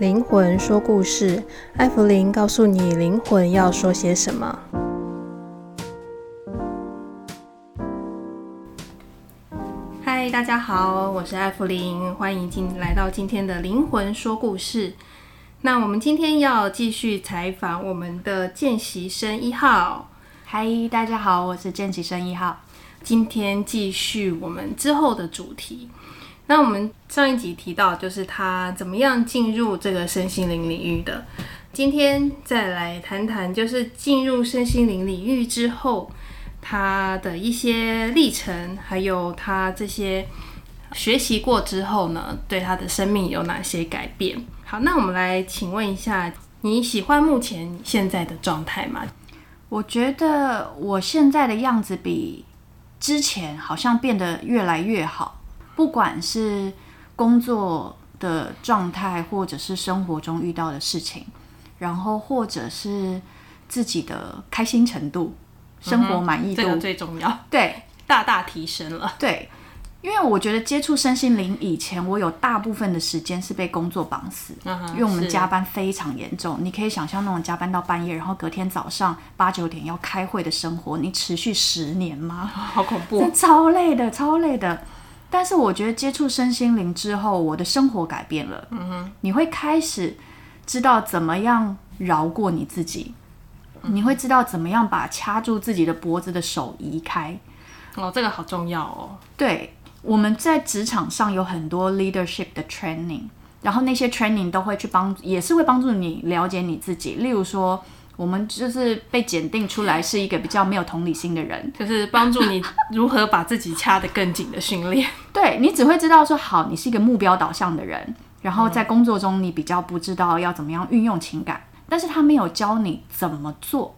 靈魂說故事，艾芙靈告訴你靈魂要說些什麼。嗨，大家好，我是艾芙靈，歡迎今來到今天的靈魂說故事。那我們今天要繼續採訪我們的見習生一號。嗨，大家好，我是見習生一號，今天繼續我們之後的主題。那我們上一集提到，就是他怎麼樣進入這個身心靈領域的。今天再來談談，就是進入身心靈領域之後，他的一些歷程，還有他這些學習過之後呢，對他的生命有哪些改變？好，那我們來請問一下，你喜歡目前現在的狀態嗎？我覺得我現在的樣子比之前好像變得越來越好。不管是工作的狀態，或者是生活中遇到的事情，然後或者是自己的開心程度、嗯、生活滿意度，這個最重要。對，大大提升了。對，因為我覺得接觸身心靈以前，我有大部分的時間是被工作綁死，uh-huh, 因為我們加班非常嚴重。你可以想象那種加班到半夜，然後隔天早上八九點要開會的生活，你持續十年嗎？好恐怖，超累的，超累的。但是我覺得接觸身心靈之後，我的生活改變了。嗯哼，你會開始知道怎麼樣饒過你自己，嗯，你會知道怎麼樣把掐住自己的脖子的手移開。哦，這個好重要哦。對，我們在職場上有很多 leadership 的 training，然後那些 training 都會去幫，也是會幫助你了解你自己。例如說。我們就是被檢定出來是一個比較沒有同理心的人，就是幫助你如何把自己掐得更緊的訓練。 對，你只會知道說好，你是一個目標導向的人，然後在工作中你比較不知道要怎麼樣運用情感，但是他沒有教你怎麼做，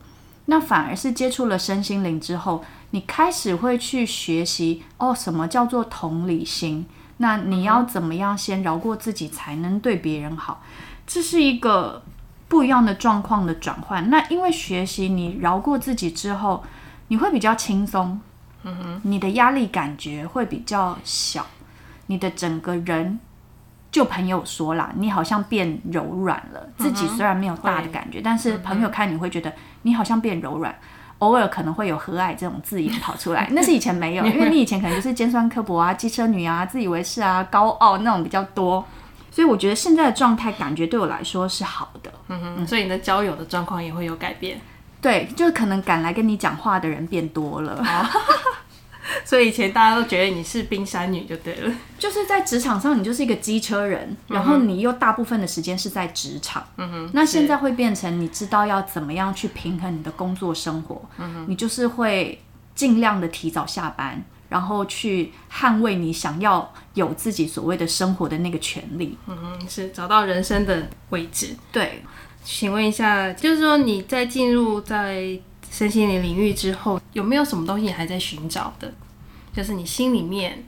那反而是接觸了身心靈之後，你開始會去學習哦，什麼叫做同理心？那你要怎麼樣先饒過自己，才能對別人好？這是一個。不一樣的狀況的轉換，那因為學習你饒過自己之後，你會比較輕鬆、嗯，你的壓力感覺會比較小，你的整個人，就朋友說啦，你好像變柔軟了、嗯。自己雖然沒有大的感覺、嗯，但是朋友看你會覺得你好像變柔軟、嗯，偶爾可能會有和藹這種字眼跑出來，那 是以前沒有， 因為你以前可能就是尖酸刻薄啊、機 車女啊、自以為是啊、高傲那種比較多。所以我覺得現在的狀態感覺對我來說是好的，嗯哼。所以你的交友的狀況也會有改變，對，就可能敢來跟你講話的人變多了。 所以以前大家都覺得你是冰山女就對了，就是在職場上你就是一個機車人，嗯，然後你又大部分的時間是在職場，嗯哼。那現在會變成你知道要怎麼樣去平衡你的工作生活，嗯哼。你就是會盡量的提早下班。然後去捍衛你想要有自己所謂的生活的那個權利。嗯，是找到人生的位置。對，請問一下，就是說你在進入在身心靈領域之後，有沒有什麼東西你還在尋找的？就是你心裡面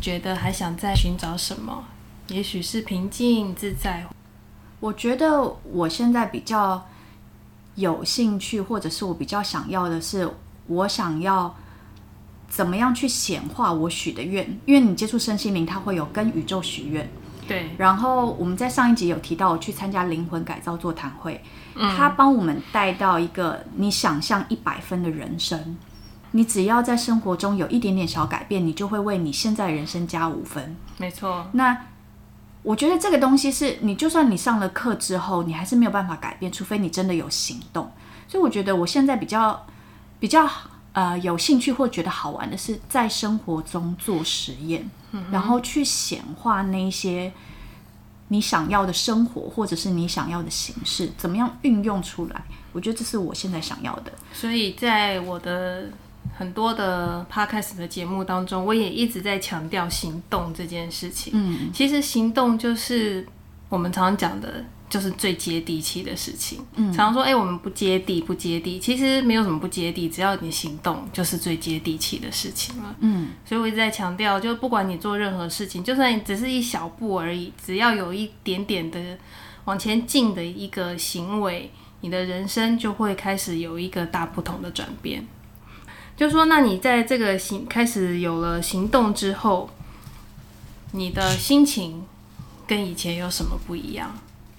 覺得還想再尋找什麼？也許是平靜自在。我覺得我現在比較有興趣，或者是我比較想要的是，我想要。怎麼樣去顯化我許的願？因為你接觸身心靈，它會有跟宇宙許願。對。然後我們在上一集有提到我去參加靈魂改造座談會，嗯，它幫我們帶到一個你想象一百分的人生。你只要在生活中有一點點小改變，你就會為你現在的人生加五分。沒錯。那我覺得這個東西是你，就算你上了課之後，你還是沒有辦法改變，除非你真的有行動。所以我覺得我現在比較比較呃，有興趣或覺得好玩的是，在生活中做實驗，嗯、然後去顯化那些你想要的生活，或者是你想要的形式，怎麼樣運用出來？我覺得這是我現在想要的。所以在我的很多的 podcast 的節目當中，我也一直在強調行動這件事情。嗯，其實行動就是我們常常講的。就是最接地氣的事情。常、嗯、常說：“哎、欸，我們不接地，不接地，其實沒有什麼不接地，只要你行動，就是最接地氣的事情了。”嗯，所以我一直在強調，就不管你做任何事情，就算你只是一小步而已，只要有一點點的往前進的一個行為，你的人生就會開始有一個大不同的轉變。就說，那你在這個行開始有了行動之後，你的心情跟以前有什麼不一樣？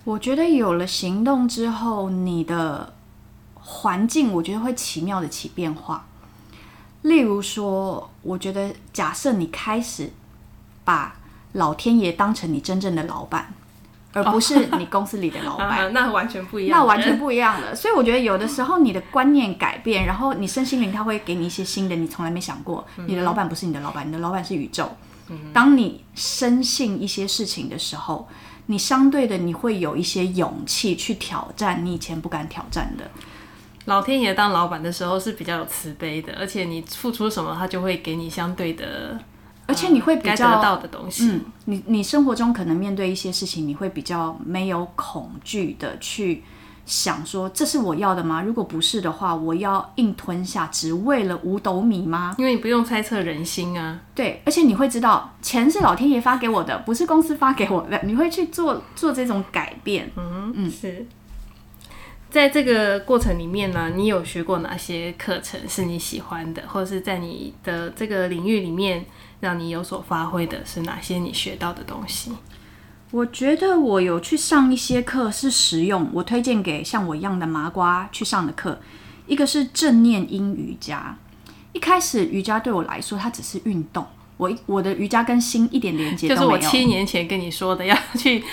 我覺得有了行動之後，你的環境我覺得會奇妙的起變化。例如說，我覺得假設你開始把老天爺當成你真正的老闆，而不是你公司裡的老闆，哦、那完全不一樣，那完全不一樣了。所以我覺得有的時候你的觀念改變，然後你身心靈他會給你一些新的，你從來沒想過。你的老闆不是你的老闆，你的老闆是宇宙。當你深信一些事情的時候。你相對的，你會有一些勇氣去挑戰你以前不敢挑戰的。老天爺當老板的時候是比較有慈悲的，而且你付出什麼，他就會給你相對的，而且你會比較該得到的東西。嗯，你你生活中可能面對一些事情，你會比較沒有恐懼的去。想說這是我要的嗎？如果不是的話，我要硬吞下只為了五斗米嗎？因為你不用猜測人心啊。對，而且你會知道錢是老天爺發給我的，不是公司發給我的。你會去做做這種改變。嗯嗯，是在這個過程裡面呢，你有學過哪些課程是你喜歡的，或者是在你的這個領域裡面讓你有所發揮的是哪些你學到的東西？我覺得我有去上一些課是實用，我推薦給像我一樣的麻瓜去上的課，一個是正念陰瑜伽。一開始瑜伽對我來說，它只是運動。我我的瑜伽跟心一點連接都沒有。就是我七年前跟你說的要去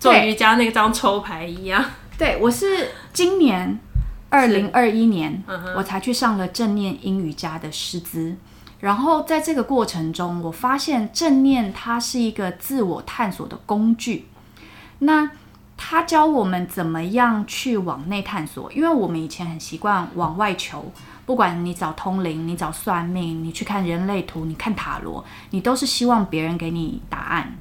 做瑜伽那張抽牌一樣。對，我是今年二零二一年、uh -huh. 我才去上了正念陰瑜伽的師資。然後在這個過程中，我發現正念它是一個自我探索的工具。那它教我們怎麼樣去往內探索，因為我們以前很習慣往外求，不管你找通靈、你找算命、你去看人類圖、你看塔羅，你都是希望別人給你答案。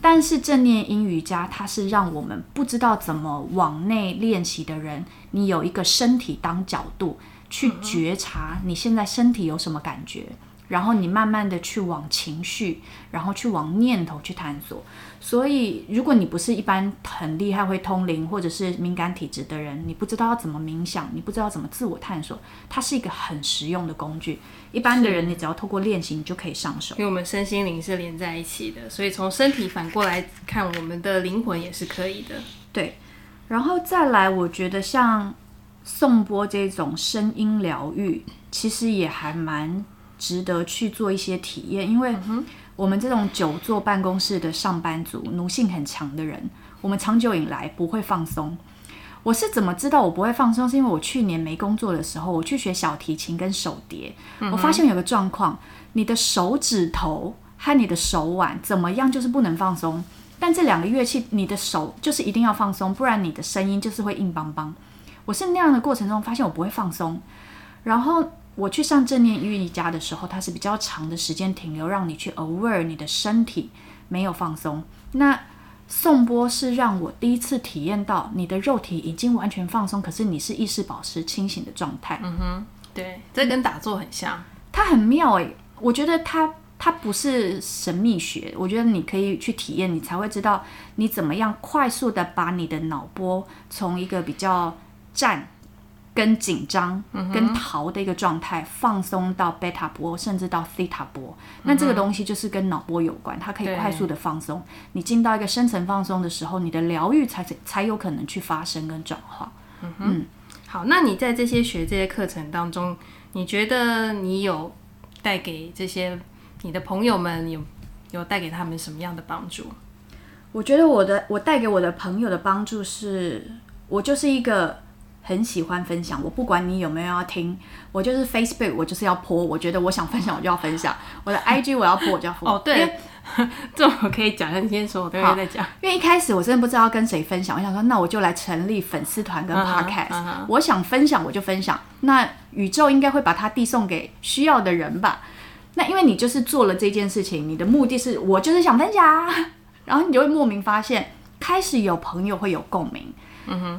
但是正念陰瑜伽，它是讓我們不知道怎麼往內練習的人，你有一個身體當角度去覺察你現在身體有什麼感覺。然後你慢慢的去往情緒，然後去往念頭去探索。所以，如果你不是一般很厲害會通靈，或者是敏感體質的人，你不知道要怎麼冥想，你不知道怎麼自我探索，它是一個很實用的工具。一般的人，你只要透過練習，你就可以上手。因為我們身心靈是連在一起的，所以從身體反過來看，我們的靈魂也是可以的。對，然後再來，我覺得像頌缽這種聲音療癒，其實也還蠻。值得去做一些體驗，因為我們這種久坐辦公室的上班族、奴、嗯、性很強的人，我們長久以來不會放鬆。我是怎麼知道我不會放鬆？是因為我去年沒工作的時候，我去學小提琴跟手碟，嗯、我發現有個狀況：你的手指頭和你的手腕怎麼樣，就是不能放鬆。但這兩個樂器，你的手就是一定要放鬆，不然你的聲音就是會硬邦邦。我是那樣的過程中發現我不會放鬆，然後。我去上正念瑜伽的時候，它是比較長的時間停留，讓你去 aware 你的身體沒有放鬆。那頌缽是讓我第一次體驗到，你的肉體已經完全放鬆，可是你是意識保持清醒的狀態。嗯哼，對、嗯，這跟打坐很像。它很妙誒、欸。我覺得它它不是神秘學，我覺得你可以去體驗，你才會知道你怎麼樣快速的把你的腦波從一個比較站。跟緊張、跟逃的一個狀態、嗯，放鬆到貝塔波，甚至到西塔波、嗯。那這個東西就是跟腦波有關，它可以快速的放鬆。你進到一個深層放鬆的時候，你的療癒才才有可能去發生跟轉化。嗯嗯，好，那你在這些學這些課程當中，你覺得你有帶給這些你的朋友們有，有有帶給他們什麼樣的幫助？我覺得我的我帶給我的朋友的幫助是，我就是一個。很喜歡分享，我不管你有沒有要聽，我就是 Facebook，我就是要潑。我覺得我想分享，我就要分享。 我的 IG 我要潑，我就要潑。哦、oh，對， 這我可以講，你先說我，我等會再講。因為一開始我真的不知道要跟誰分享，我想說，那我就來成立粉絲團跟 Podcast、uh-huh, uh-huh. 我想分享，我就分享。那宇宙應該會把它遞送給需要的人吧？那因為你就是做了這件事情，你的目的是我就是想分享，然後你就會莫名發現，開始有朋友會有共鳴。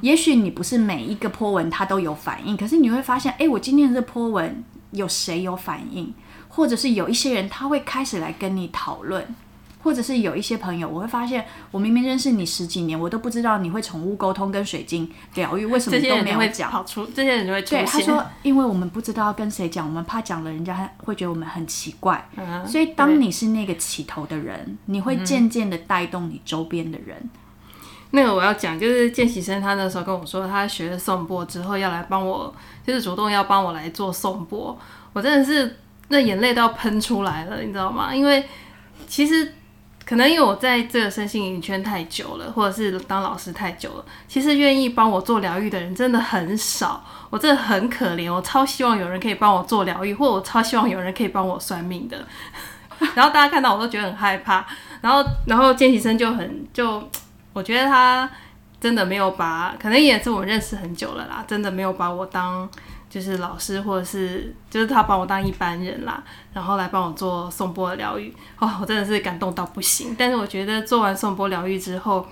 也許你不是每一個波紋他都有反應，可是你會發現，哎、欸，我今天的這波紋有誰有反應？或者是有一些人他會開始來跟你討論，或者是有一些朋友，我會發現，我明明認識你十幾年，我都不知道你會寵物溝通跟水晶療癒，為什麼你都沒有講？這些人就會跑出，這些人就會出現。對，他說，因為我們不知道跟誰講，我們怕講了人家會覺得我們很奇怪，Uh-huh, 所以當你是那個起頭的人，你會漸漸的帶動你周邊的人。嗯嗯那個我要講，就是見習生他那時候跟我說，他學了頌缽之後要來幫我，就是主動要幫我來做頌缽，我真的是那眼淚都要噴出來了，你知道嗎？因為其實可能因為我在這個身心靈圈太久了，或者是當老師太久了，其實願意幫我做療癒的人真的很少，我真的很可憐，我超希望有人可以幫我做療癒，或我超希望有人可以幫我算命的。然後大家看到我都覺得很害怕，然後然後見習生就很就。我覺得他真的沒有把，可能也是我認識很久了啦，真的沒有把我當就是老師，或者是就是他把我當一般人啦，然後來幫我做頌缽的療癒哦，oh, 我真的是感動到不行。但是我覺得做完頌缽療癒之後，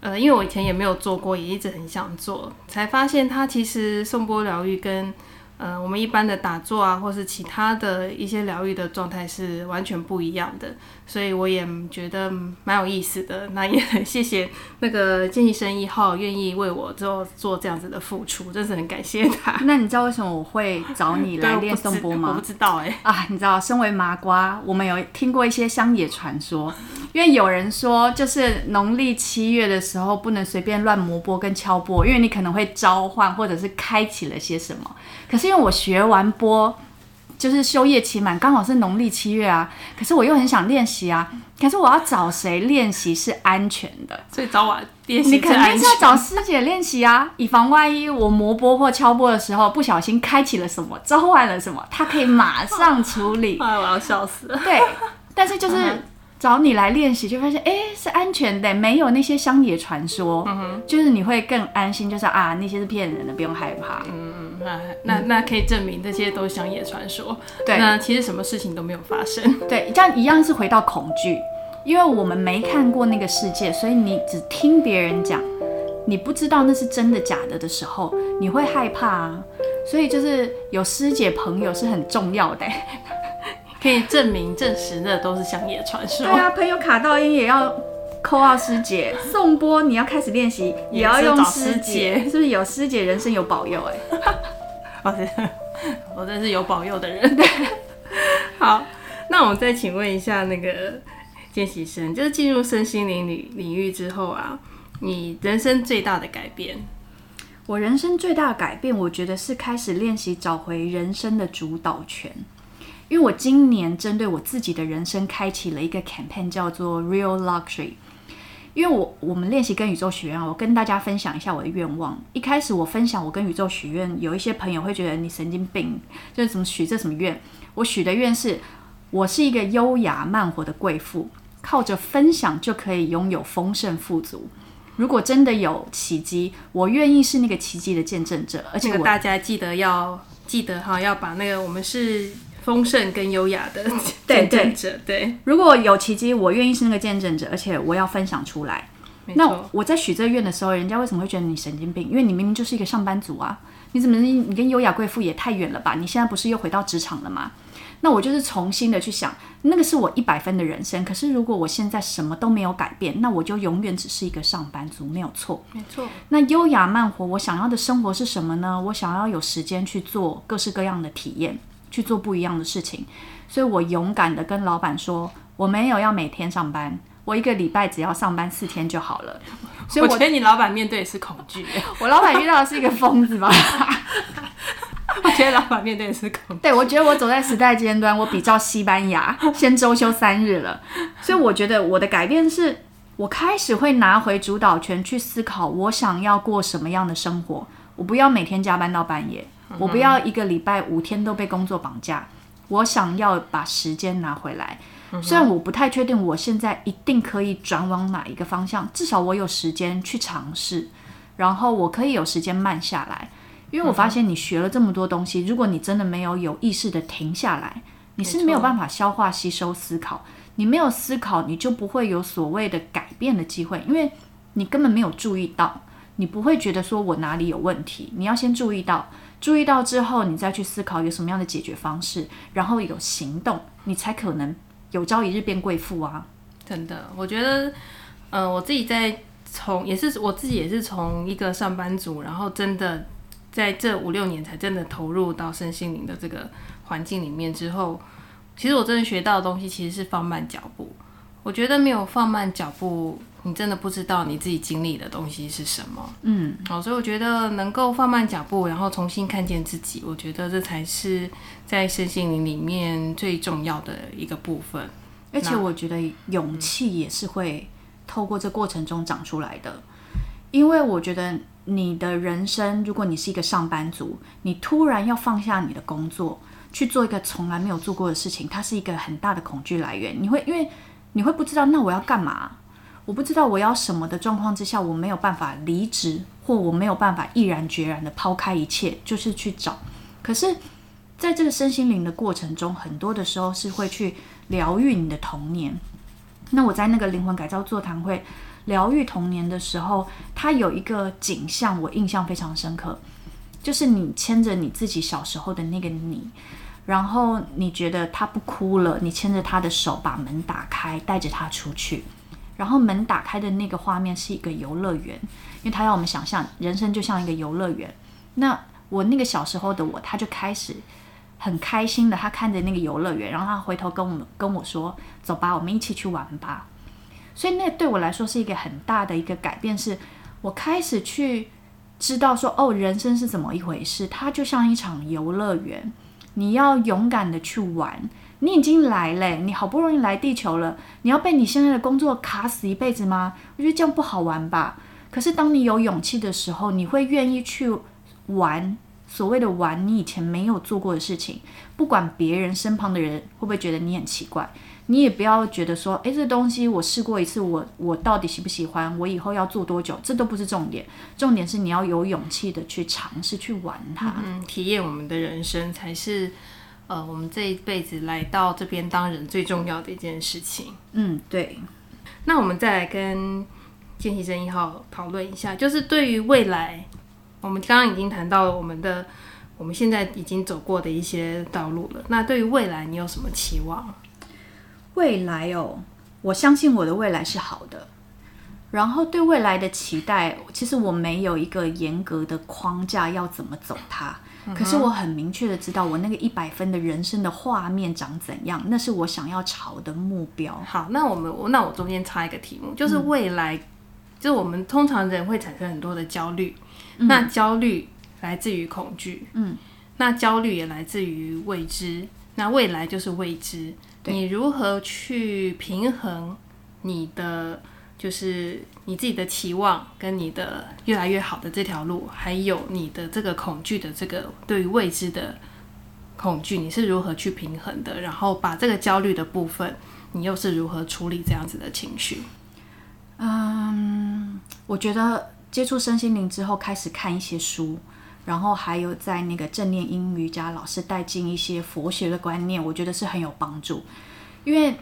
呃，因為我以前也沒有做過，也一直很想做，才發現他其實頌缽療癒跟。呃，我們一般的打坐啊，或是其他的一些療癒的狀態是完全不一樣的，所以我也覺得蠻有意思的。那也很謝謝那個見習生一號願意為我做做這樣子的付出，真是很感謝他。那你知道為什麼我會找你來練頌缽嗎？嗯？我不知道哎、欸。啊，你知道，身為麻瓜，我們有聽過一些鄉野傳說，因為有人說，就是農曆七月的時候不能隨便亂磨缽跟敲缽，因為你可能會召喚或者是開啟了些什麼。可是。因為我學完播，就是修業期滿，剛好是農曆七月啊。可是我又很想練習啊。可是我要找誰練習是安全的？所以早晚練習，你肯定是要找師姐練習啊， 以防萬一我磨播或敲播的時候不小心開啟了什麼，召喚了什麼，他可以馬上處理。哎、啊，我要笑死了。對，但是就是。嗯找你來練習，就發現哎、欸，是安全的，沒有那些鄉野傳說、嗯哼，就是你會更安心就。就是啊，那些是騙人的，不用害怕。嗯、啊、那嗯那那可以證明這些都是鄉野傳說。對，那其實什麼事情都沒有發生。對，這樣一樣是回到恐懼，因為我們沒看過那個世界，所以你只聽別人講，你不知道那是真的假的的時候，你會害怕啊。所以就是有師姐朋友是很重要的。可以證明、嗯、證實那都是鄉野傳說、嗯。對啊，朋友卡到音也要扣二師姐，宋 波你要開始練習，也，也要用師姐,師姐，是不是有師姐人生有保佑？欸，哎， 我真，我真是有保佑的人。 好，那我們再請問一下那個見習生，就是進入身心靈領領域之後啊，你人生最大的改變？我人生最大的改變，我覺得是開始練習找回人生的主導權。因為我今年針對我自己的人生開啟了一個 campaign，叫做 Real Luxury。因為我我們練習跟宇宙許願啊，我跟大家分享一下我的願望。一開始我分享我跟宇宙許願，有一些朋友會覺得你神經病，就是怎麼許這什麼願？我許的願是，我是一個優雅慢活的貴婦，靠着分享就可以擁有豐盛富足。如果真的有奇蹟，我願意是那個奇蹟的見證者。而且、這個、大家記得要記得哈，要把那個我們是。豐盛跟優雅的見證者，嗯對對，對，如果有奇蹟，我願意是那個見證者，而且我要分享出來。那我在許這個願的時候，人家為什麼會覺得你神經病？因為你明明就是一個上班族啊，你怎麼你跟優雅貴婦也太遠了吧？你現在不是又回到職場了嗎？那我就是重新的去想，那個是我一百分的人生。可是如果我現在什麼都沒有改變，那我就永遠只是一個上班族，沒有錯。沒錯。那優雅慢活，我想要的生活是什麼呢？我想要有時間去做各式各樣的體驗。去做不一樣的事情，所以我勇敢的跟老闆說，我沒有要每天上班，我一個禮拜只要上班四天就好了。所以我，我覺得你老闆面對的是恐懼， 我老闆遇到的是一個瘋子吧？ 我覺得老闆面對的是恐， 對，我覺得我走在時代尖端，我比較西班牙，先周休三日了。所以我覺得我的改變是，我開始會拿回主導權去思考我想要過什麼樣的生活，我不要每天加班到半夜。Uh -huh. 我不要一個禮拜五天都被工作綁架，我想要把時間拿回來。Uh -huh. 雖然我不太確定我現在一定可以轉往哪一個方向，至少我有時間去嘗試，然後我可以有時間慢下來。因為我發現你學了這麼多東西，uh -huh. 如果你真的沒有有意識地停下來，你是沒有辦法消化、吸收、思考。你沒有思考，你就不會有所謂的改變的機會，因為你根本沒有注意到，你不會覺得說我哪裡有問題。你要先注意到。注意到之後，你再去思考有什麼樣的解決方式，然後有行動，你才可能有朝一日變貴婦啊！真的，我覺得，嗯、呃，我自己在從也是我自己也是從一個上班族，然後真的在這五六年才真的投入到身心靈的這個環境裡面之後，其實我真的學到的東西其實是放慢腳步。我覺得沒有放慢腳步，你真的不知道你自己經歷的東西是什麼，嗯，好、哦，所以我覺得能夠放慢腳步，然後重新看見自己，我覺得這才是在身心靈裡面最重要的一個部分。而且我覺得勇氣也是會透過這過程中長出來的。嗯，因為我覺得你的人生，如果你是一個上班族，你突然要放下你的工作，去做一個從來沒有做過的事情，它是一個很大的恐懼來源。你會因為你會不知道，那我要幹嘛？我不知道我要什麼的狀況之下，我沒有辦法離職，或我沒有辦法毅然決然的拋開一切，就是去找。可是，在這個身心靈的過程中，很多的時候是會去療癒你的童年。那我在那個靈魂改造座談會療癒童年的時候，他有一個景象，我印象非常深刻，就是你牽着你自己小時候的那個你，然後你覺得他不哭了，你牽着他的手，把門打開，帶着他出去。然後門打開的那個畫面是一個遊樂園，因為他要我們想象人生就像一個遊樂園。那我那個小時候的我，他就開始很開心的，他看着那個遊樂園，然後他回頭跟我們跟我說：“走吧，我們一起去玩吧。”所以那對我來說是一個很大的一個改變，是我開始去知道說哦，人生是怎麼一回事？它就像一場遊樂園，你要勇敢的去玩。你已經來了，你好不容易來地球了，你要被你現在的工作卡死一輩子嗎？我覺得這樣不好玩吧。可是當你有勇氣的時候，你會願意去玩所謂的玩，你以前沒有做過的事情，不管別人身旁的人會不會覺得你很奇怪，你也不要覺得說，哎，這東西我試過一次，我我到底喜不喜歡，我以後要做多久，這都不是重點。重點是你要有勇氣的去嘗試去玩它，嗯，體驗我們的人生才是呃，我們這一輩子來到這邊當人最重要的一件事情。嗯，對。那我們再來跟見習生一號討論一下，就是對於未來，我們剛剛已經談到了我們的我們現在已經走過的一些道路了。那對於未來，你有什麼期望？未來哦，我相信我的未來是好的。然後對未來的期待，其實我沒有一個嚴格的框架要怎麼走它。可是我很明確的知道我那個一百分的人生的畫面長怎樣，那是我想要朝的目標。好，那我們那我中間插一個題目，就是未來，嗯、就是我們通常人會產生很多的焦慮，那焦慮來自於恐懼，嗯，那焦慮、嗯、也來自於未知，那未來就是未知，對，你如何去平衡你的？就是你自己的期望跟你的越來越好的這條路，還有你的這個恐懼的這個對於未知的恐懼，你是如何去平衡的？然後把這個焦慮的部分，你又是如何處理這樣子的情緒？嗯，我覺得接觸身心靈之後，開始看一些書，然後還有在那個正念英語家老師帶進一些佛學的觀念，我覺得是很有幫助，因為。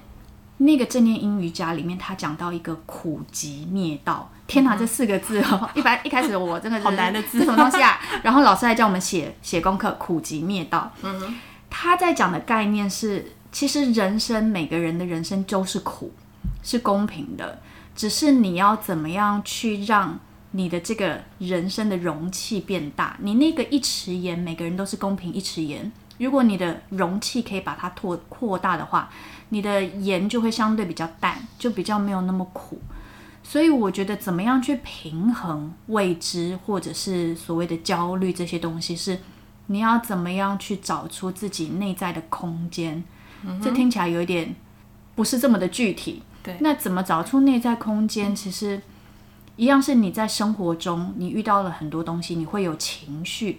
那個正念英語家裡面，他講到一個苦集滅道，天哪、嗯，這四個字哦，一般一開始我真的很 好難的字， 什麼東西啊？然後老師還叫我們寫寫功課，苦集滅道。嗯，他在講的概念是，其實人生每個人的人生都是苦，是公平的，只是你要怎麼樣去讓你的這個人生的容器變大，你那個一匙鹽，每個人都是公平一匙鹽。如果你的容器可以把它拓擴大的話，你的鹽就會相對比較淡，就比較沒有那麼苦。所以我覺得，怎麼樣去平衡未知或者是所謂的焦慮這些東西，是你要怎麼樣去找出自己內在的空間。嗯。這聽起來有點不是這麼的具體。對，那怎麼找出內在空間？嗯。其實一樣是你在生活中，你遇到了很多東西，你會有情緒，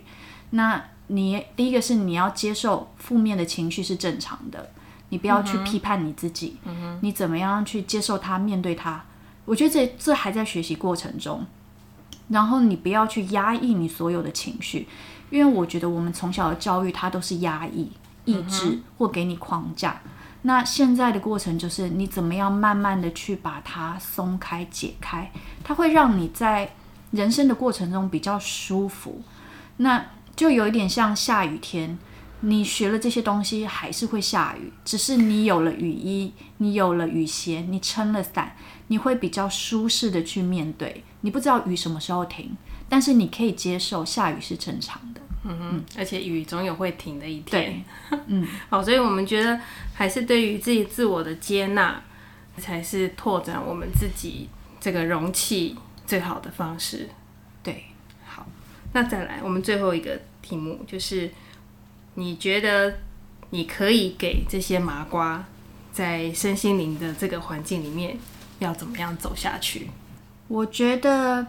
那。你第一個是你要接受負面的情緒是正常的，你不要去批判你自己，mm -hmm. 你怎麼樣去接受它？面對它，我覺得這這還在學習過程中。然後你不要去壓抑你所有的情緒，因為我覺得我們從小的教育它都是壓抑、抑制或給你框架。Mm -hmm. 那現在的過程就是你怎麼樣慢慢的去把它鬆開、解開，它會讓你在人生的過程中比較舒服。那。就有一點像下雨天，你學了這些東西還是會下雨，只是你有了雨衣，你有了雨鞋，你撐了傘，你會比較舒適的去面對。你不知道雨什麼時候停，但是你可以接受下雨是正常的。嗯嗯，而且雨總有會停的一天。對，嗯， 好，所以我們覺得還是對於自己自我的接納，才是拓展我們自己這個容器最好的方式。那再來，我們最後一個題目就是，你覺得你可以給這些麻瓜在身心靈的這個環境裡面要怎麼樣走下去？我覺得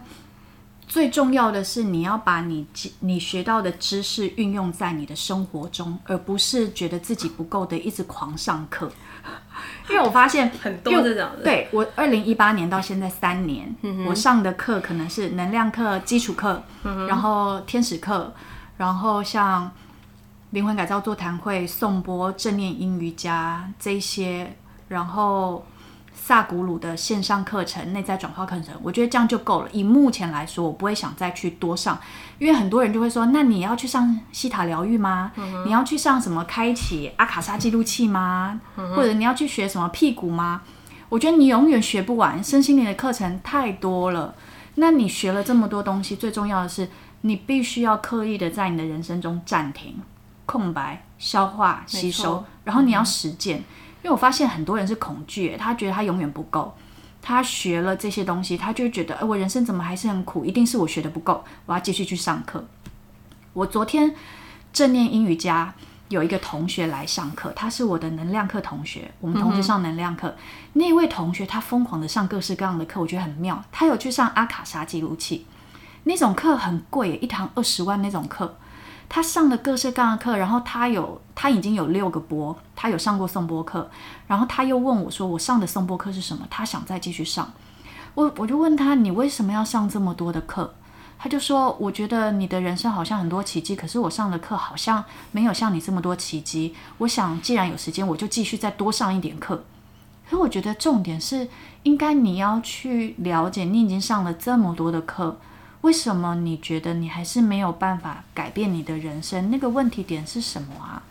最重要的是你要把你你學到的知識運用在你的生活中，而不是覺得自己不夠的一直狂上課。因為我發現，很多是這樣。對，我這對我二零一八年到現在三年，嗯，我上的課可能是能量課、基礎課、嗯，然後天使課，然後像靈魂改造座談會、頌缽、正念音瑜伽這些，然後。薩古魯的線上課程、內在轉化課程，我覺得這樣就夠了。以目前來說，我不會想再去多上，因為很多人就會說：“那你要去上西塔療癒嗎、嗯？你要去上什麼開啟阿卡莎記錄器嗎、嗯？或者你要去學什麼屁股嗎？”我覺得你永遠學不完，身心靈的課程太多了。那你學了這麼多東西，最重要的是你必須要刻意的在你的人生中暫停、空白、消化、吸收，然後你要實踐。嗯。因為我發現很多人是恐懼，他覺得他永遠不夠。他學了這些東西，他就覺得，哎，我人生怎麼還是很苦？一定是我學的不夠，我要繼續去上課。我昨天正念英語家有一個同學來上課，他是我的能量課同學。我們同學上能量課、嗯，那位同學他瘋狂的上各式各樣的課，我覺得很妙。他有去上阿卡莎記錄器那種課，很貴，一堂二十萬那種課。他上了各式各樣的課，然後他有，他已經有六個缽，他有上過頌缽課，然後他又問我說：“我上的頌缽課是什麼？”他想再繼續上。我我就問他：“你為什麼要上這麼多的課？”他就說：“我覺得你的人生好像很多奇蹟，可是我上的課好像沒有像你這麼多奇蹟。我想既然有時間，我就繼續再多上一點課。”可我覺得重點是，應該你要去了解，你已經上了這麼多的課。為什麼你覺得你還是沒有辦法改變你的人生？那個問題點是什麼啊？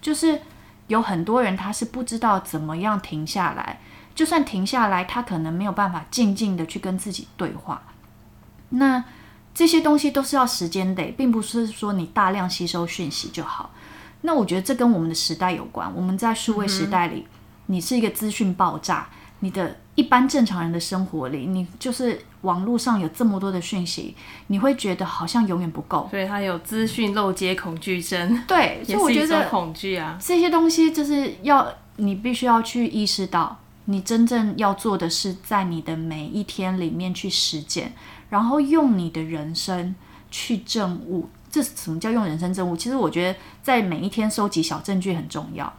就是有很多人他是不知道怎麼樣停下來，就算停下來，他可能沒有辦法靜靜的去跟自己對話。那這些東西都是要時間的，並不是說你大量吸收訊息就好。那我覺得這跟我們的時代有關，我們在數位時代裡，嗯、你是一個資訊爆炸，你的一般正常人的生活裡，你就是網絡上有這麼多的訊息，你會覺得好像永遠不夠。所以，他有資訊漏接恐懼症，嗯，對，也是一種恐懼啊。所以我覺得恐懼啊。這些東西就是要你必須要去意識到，你真正要做的是在你的每一天裡面去實踐，然後用你的人生去證悟。這什麼叫用人生證悟？其實我覺得在每一天收集小證據很重要。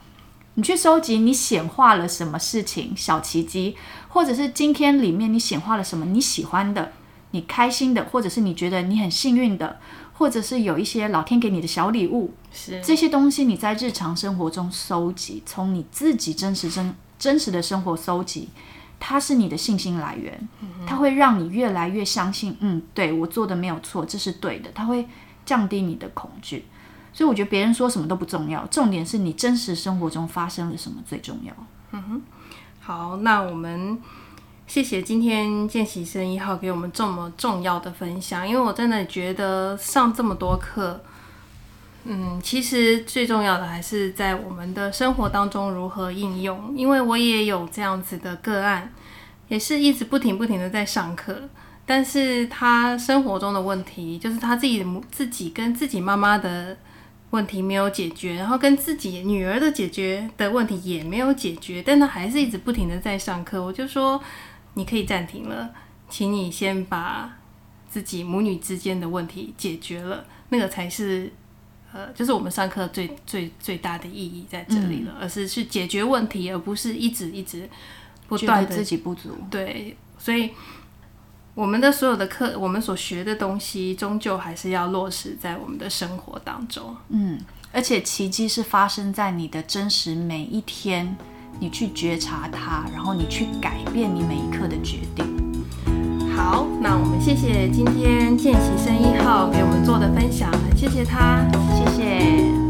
你去收集你顯化了什麼事情，小奇蹟，或者是今天裡面你顯化了什麼你喜歡的、你開心的，或者是你覺得你很幸運的，或者是有一些老天給你的小禮物，是這些東西你在日常生活中收集，從你自己真實真真實的生活收集，它是你的信心來源，它會讓你越來越相信，嗯，對，我做的沒有錯，這是對的，它會降低你的恐懼。所以我覺得別人說什麼都不重要，重點是你真實生活中發生了什麼最重要。嗯哼，好，那我們謝謝今天見習生一號給我們這麼重要的分享，因為我真的覺得上這麼多課，嗯，其實最重要的還是在我們的生活當中如何應用。因為我也有這樣子的個案，也是一直不停不停的在上課，但是他生活中的問題就是他自己自己跟自己媽媽的。問題沒有解決，然後跟自己女兒的解決的問題也沒有解決，但他還是一直不停的在上課。我就說，你可以暫停了，請你先把自己母女之間的問題解決了，那個才是呃，就是我們上課最最最大的意義在這裡了，嗯，而是去解決問題，而不是一直一直不斷，不斷自己不足。對，所以。我們的所有的課，我們所學的東西，終究還是要落實在我們的生活當中。嗯，而且奇蹟是發生在你的真實每一天，你去覺察它，然後你去改變你每一刻的決定。好，那我們謝謝今天見習生一號給我們做的分享，謝謝他，謝謝。